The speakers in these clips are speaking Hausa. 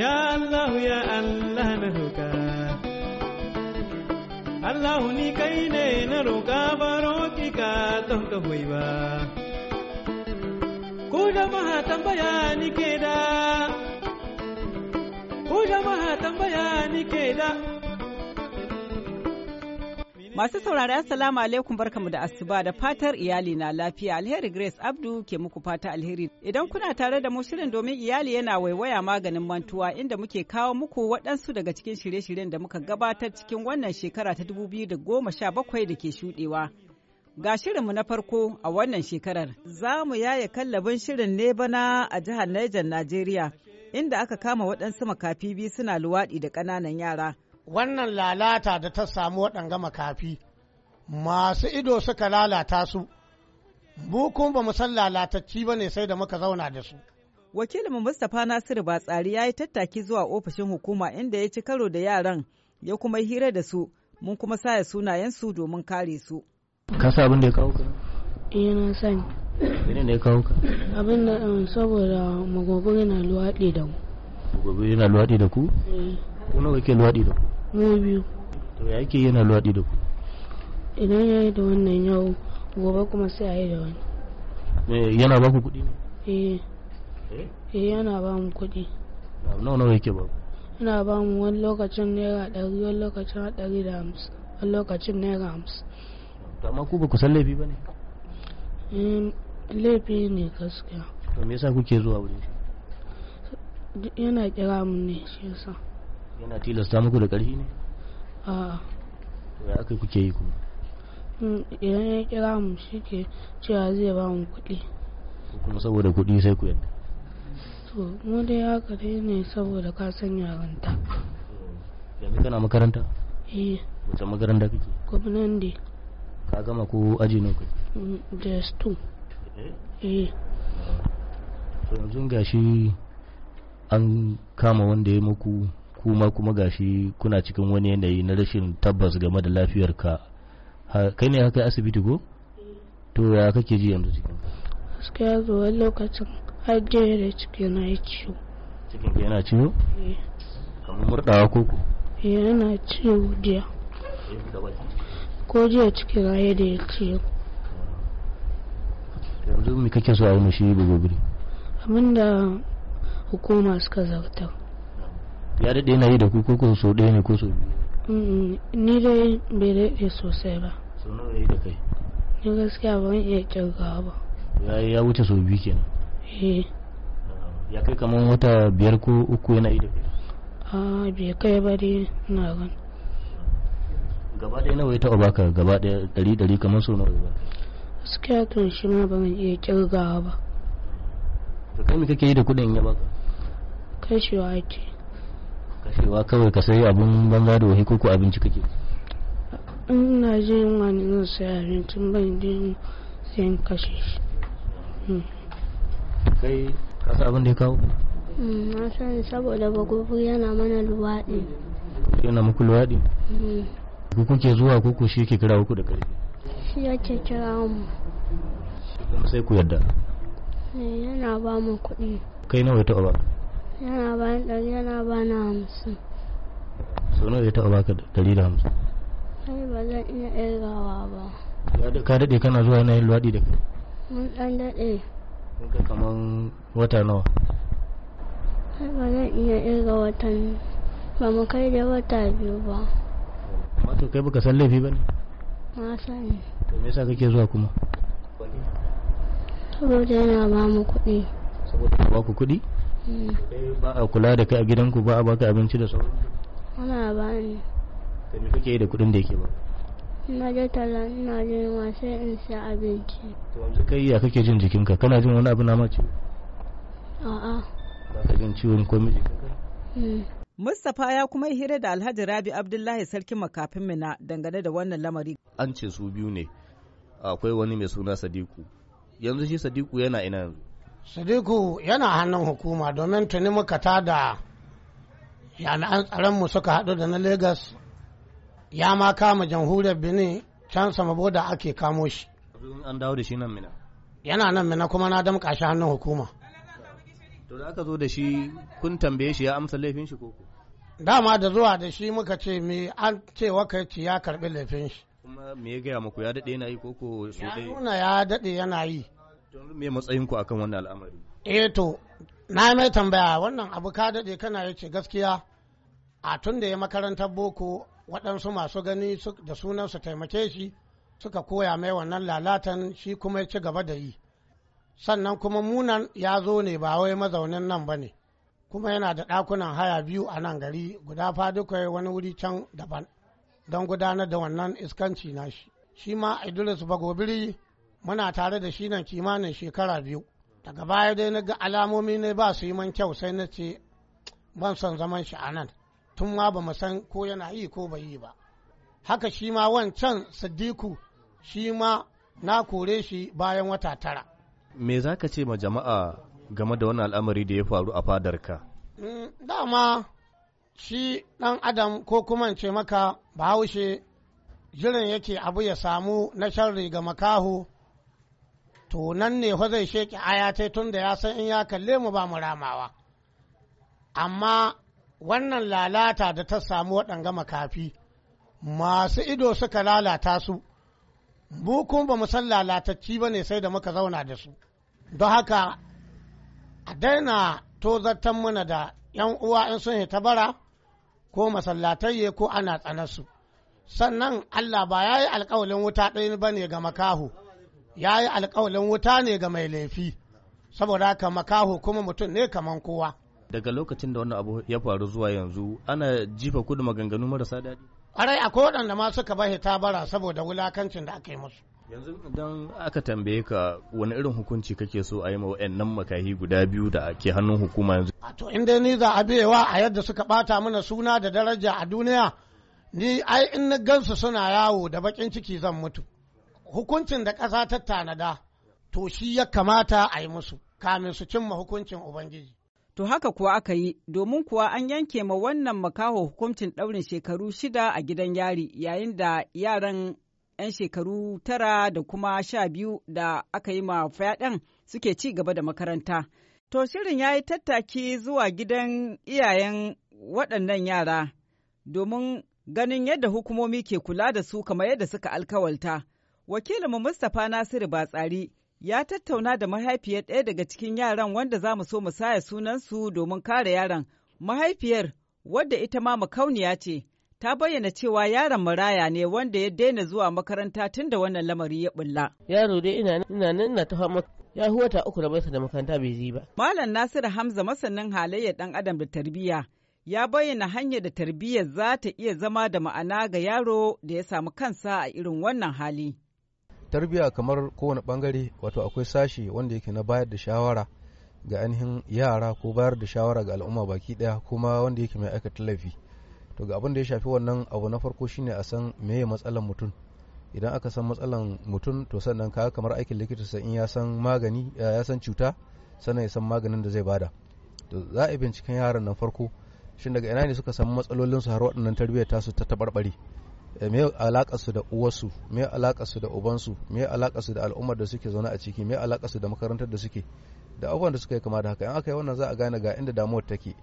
Ya Allah ya Allah na roƙa Allah ni kai ne na roƙa baro ki ka don ka ba Ku jama'a tambaya ni ke da Ku jama'a tambaya ni ke da Masu saurari assalamu alaikum barkamu da asuba da fatar iyali na lafiya alheri Grace Abdu ke muku fata alheri. Idan kuna tare da mu shirin domin iyali yana waiwaya maganin mantuwa inda muke kawo muku waɗansu daga cikin shirye-shiryen da muka gabatar cikin wannan shekara ta 2017 da ke shuɗewa. Ga shirin mu na farko a wannan shekarar. Za mu yaya kallabin shirin ne bana a jihar Niger Najeriya inda aka kama waɗansu makafi biyu suna luwaɗi da ƙananan yara. wannan lalata da ta samu waɗanga makafi masu ido suka lalata su mu ba mu san lalatacci ba ne sai da muka zauna da su wakilin mustapha nasiru batsari ya yi tattaki zuwa ofishin hukuma inda ya ci karo da yaran ya kuma hira da su mun kuma saya su domin kare su ka sa abin da ya kawo ka eh na sani menene da ya kawo ka abin da um, saboda magogo yana luwaɗi da mu magogo yana luwaɗi da ku eh. Ku nawa kake luwaɗi da ku mu biyu to ya yake yana luwaɗi da ku idan ya yi da wannan yau gobe kuma sai a yi da wani eh, yana ba ku kuɗi ne eh, eh? eh yana ba mu kuɗi nawa nawa yake ba yana ba mu wani lokacin naira ɗari wani lokacin ɗari da hamsin wani lokacin naira hamsin amma ku ba ku san laifi ba ne laifi ne gaskiya to me yasa kuke zuwa wurin shi yana kira mu ne shi yasa yana tilasta muku da ƙarfi ne a ya aka kuke yi kuma mm, idan ya kira mu shi ke cewa zai ba mu kuɗi kuma saboda kuɗi sai ku yadda to mu dai haka dai ne saboda ka san yaranta yanzu kana makaranta eh wata makaranta kake gwamnati ka gama ko aji nawa kake mm, just two eh? eh to yanzu gashi an kama wanda ya muku kuma kuma gashi kuna cikin wani yanayi na rashin tabbas game da lafiyarka kai ne haka asibiti ko to ya kake ji yanzu cikin gaskiya zuwa lokacin har da ciki na yi ciwo cikin ka yana ciwo eh. kamar murdawa ko ku. Eh, yana ciwo jiya ko jiya ciki na yi da ya ciwo yanzu mai kake so a wani shi bugu abinda hukuma suka zartar ya daɗe na yi da ku ko so ɗaya ne ko so biyu mm, ni dai bai daɗe sosai ba so nawa yi da kai ni gaskiya ban iya kirgawa ba ya yi ya wuce so biyu kenan eh ya kai kamar wata biyar ko uku yana yi da kai a bai kai ba dai na gan gaba ɗaya nawa ya taɓa baka gaba ɗaya ɗari ɗari kamar so nawa ya baka gaskiya kan shi ma ban iya kirgawa ba to kai me kake yi da kuɗin ya baka kai shi wa ake kashewa kawai ka sayi abun banza da wahi koko abinci kake ina jin wani zan sayi abincin ban jin sayan kashe shi hmm. kai ka sa abin da ya kawo hmm, na san saboda bagogo yana mana luwaɗi yana muku luwaɗi hmm. ku kuke zuwa ko shi ke kira ku da ƙarfi shi yake kira mu sai ku yadda eh, yana ba mu kuɗi kai nawa ya taɓa ba yana ba ɗari yana ba hamsin sau nawa ya taɓa baka ɗari da hamsin sai ba zan iya ɗirgawa ba ka daɗe kana zuwa yanayin luwaɗi da kai mun ɗan daɗe kun kaman wata nawa sai ba zan iya ɗirga watan ba mu kai da wata biyu ba wato kai baka san laifi ba ne na sani to me yasa kake zuwa kuma saboda yana ba mu kuɗi saboda ba ku kuɗi ba a kula da kai a gidanku ba a baka abinci da sauran ana ba ni da me kake yi da kuɗin da yake ba ina je talla ina je ma sai in sha abinci to yanzu kai ya kake jin jikinka kana jin wani abu na mace ciwo a'a ba ka jin ciwon komai jikinka hmm. Mustapha ya kuma yi hira da Alhaji Rabi Abdullahi Sarki makafin mina dangane da wannan lamari. An ce su biyu ne, akwai wani mai suna Sadiku. Yanzu shi Sadiku yana ina yanzu. sadiku yana hannun hukuma domin tuni muka tada jami'an tsaronmu suka haɗu da na lagos ya ma kama jamhuriyar Benin can sama boda ake kamo shi. An dawo da shi nan mina. Yana nan mina kuma na damƙa shi hannun hukuma. To da aka zo da shi kun tambaye shi ya amsa laifin shi koko? Dama da zuwa da shi muka ce me an ce waka ce ya karbi laifin shi. Kuma me ya gaya muku ya daɗe yana yi koko su dai? Ya nuna ya daɗe yana yi. Don Eh to na mai tambaya wannan abu ka dade kana yace gaskiya a tun da ya makarantar boko waɗansu masu gani da sunan su taimake shi suka koya mai wannan lalatan shi kuma ya ci gaba da yi sannan kuma munan ya zo ne ba wai mazaunin nan ba ne kuma yana da ɗakunan haya biyu a nan gari guda fadukwai wani wuri can daban don gudanar da wannan iskanci nashi shi ma idris bagobiri muna tare da shi nan kimanin shekara biyu daga baya dai na ga alamomi ne ba su yi man kyau sai na ce ban son zaman shi anan, nan tun ma ba san ko yana yi ko bai yi ba haka shi ma wancan siddiku shi ma na kore shi bayan wata tara me za ka ce ma jama'a game da wani al'amari da ya faru a fadarka mm, dama shi dan adam ko kuma ce maka bahaushe jiran yake abu ya samu na sharri ga makaho to nan ne fa zai sheki aya ta tun da ya san in ya kalle mu ba mu ramawa amma wannan lalata da ta samu waɗanga makafi masu ido suka lalata su mu kuma ba mu san lalatacci ba ne sai da muka zauna da su don haka a daina zartan mana da yan uwa in sun ta bara ko masallatayye ko ana tsanarsu sannan allah ba ya yi alkawalin wuta ɗaya ba ne ga makahu ya yi alkawalin wuta ne ga mai laifi saboda haka makaho kuma mutum ne kaman kowa daga lokacin da wannan abu ya faru zuwa yanzu ana jifa kudu maganganu marasa daɗi arai akwai waɗanda ma suka bahe ta bara saboda wulakancin da aka yi musu yanzu idan aka tambaye ka wani irin hukunci kake so a yi ma wa'annan makahi guda biyu da ke hannun hukuma yanzu a to inda ni za a biyewa a yadda suka bata mana suna da daraja a duniya ni ai in na gansu suna yawo da bakin ciki zan mutu hukuncin da ƙasa ta tanada to shi ya kamata a yi musu kamin su cimma hukuncin Ubangiji. To haka kuwa aka yi, domin kuwa an yanke ma wannan makaho hukuncin ɗaurin shekaru shida a gidan yari yayin da yaran 'yan shekaru tara da kuma sha biyu da aka yi ma fyaɗen suke ci gaba da makaranta. To shirin ya yi tattaki zuwa gidan iyayen waɗannan yara domin ganin yadda hukumomi ke kula da su kamar yadda suka alkawalta. Wakilinmu Mustapha Nasiru Batsari ya tattauna da mahaifiyar ɗaya daga cikin yaran wanda za mu so mu saya sunansu domin kare yaran Mahaifiyar, wadda ita ma makauniya ce, ta bayyana cewa yaron maraya ne wanda ya daina zuwa makaranta tun da wannan lamari ya bulla. Yaro dai ina ina nan ina ta fama ya huwa ta uku da sa da makaranta bai ji ba. Malam Nasiru Hamza masanin halayyar ɗan adam da tarbiyya ya bayyana hanyar da tarbiyyar za ta iya zama da ma'ana ga yaro da ya samu kansa a irin wannan hali. tarbiya kamar kowane bangare wato akwai sashi wanda yake na bayar da shawara ga ainihin yara ko bayar da shawara ga al'umma baki daya kuma wanda yake mai aikata laifi to ga abin da ya shafi wannan abu na farko shine a san meye matsalan mutum idan aka san matsalan mutum to sannan ka kamar aikin likita sai in ya san magani ya san cuta sannan ya san maganin da zai bada to za a binciken yaran nan farko shin daga ina ne suka san matsalolin su har waɗannan tarbiyyar tasu ta tabarbare Eh, me alaƙa su da uwarsu me alaƙa su da ubansu me alaƙa su da al'ummar da suke zaune a ciki me alaƙa su da makarantar da suke da abubuwan da suka yi kama da haka in aka yi wannan za a gane ga inda damuwar take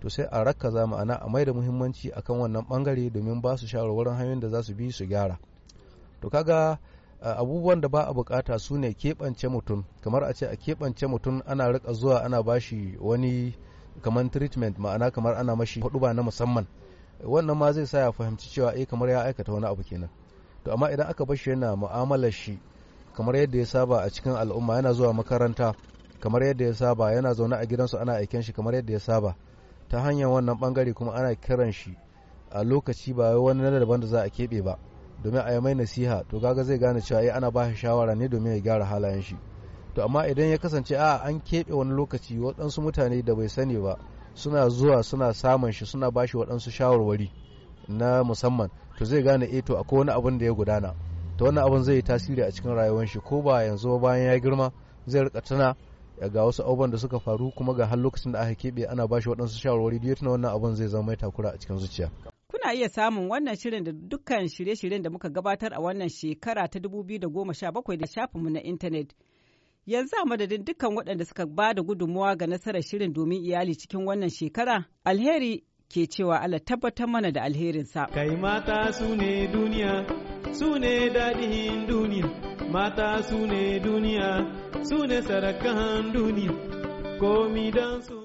to sai a rakka za ma'ana a mai da muhimmanci akan wannan bangare domin ba su shawarwarin hanyoyin da za su bi su gyara to kaga abubuwan da ba a bukata su ne keɓance mutum kamar a ce a keɓance mutum ana rika zuwa ana bashi wani kamar treatment ma'ana kamar ana mashi hudu ba na musamman wannan ma zai sa ya fahimci cewa eh kamar ya aikata wani abu kenan to amma idan aka bar shi yana mu'amalar shi kamar yadda ya saba a cikin al'umma yana zuwa makaranta kamar yadda ya saba yana zaune a gidansu ana aiken shi kamar yadda ya saba ta hanyar wannan bangare kuma ana kiran shi a lokaci ba wani na daban da za a keɓe ba domin a yi mai nasiha to gaga zai gane cewa eh, ana ba shi shawara ne domin ya gyara halayen shi to amma idan ya kasance a an keɓe wani lokaci waɗansu mutane da bai sani ba suna zuwa suna samun shi suna bashi waɗansu shawarwari na musamman to zai gane eto eh, to akwai wani abin da ya gudana to wani abin zai yi tasiri a cikin rayuwar shi ko ba yanzu bayan ya girma zai rika tana ga wasu abubuwan da suka faru kuma ga har lokacin da aka keɓe ana bashi waɗansu shawarwari duk tuna wannan abin zai zama mai takura a cikin zuciya. Kuna iya samun wannan shirin da dukkan shirye-shiryen da muka gabatar a wannan shekara ta 2017 da shafinmu na intanet. Yanzu a madadin dukkan waɗanda suka ba da gudunmuwa ga nasarar shirin domin iyali cikin wannan shekara, alheri ke cewa Allah tabbatar mana da alherinsa. Kai mata su ne duniya, su ne daɗin duniya, mata su ne duniya, su ne sarakan duniya, komi don su.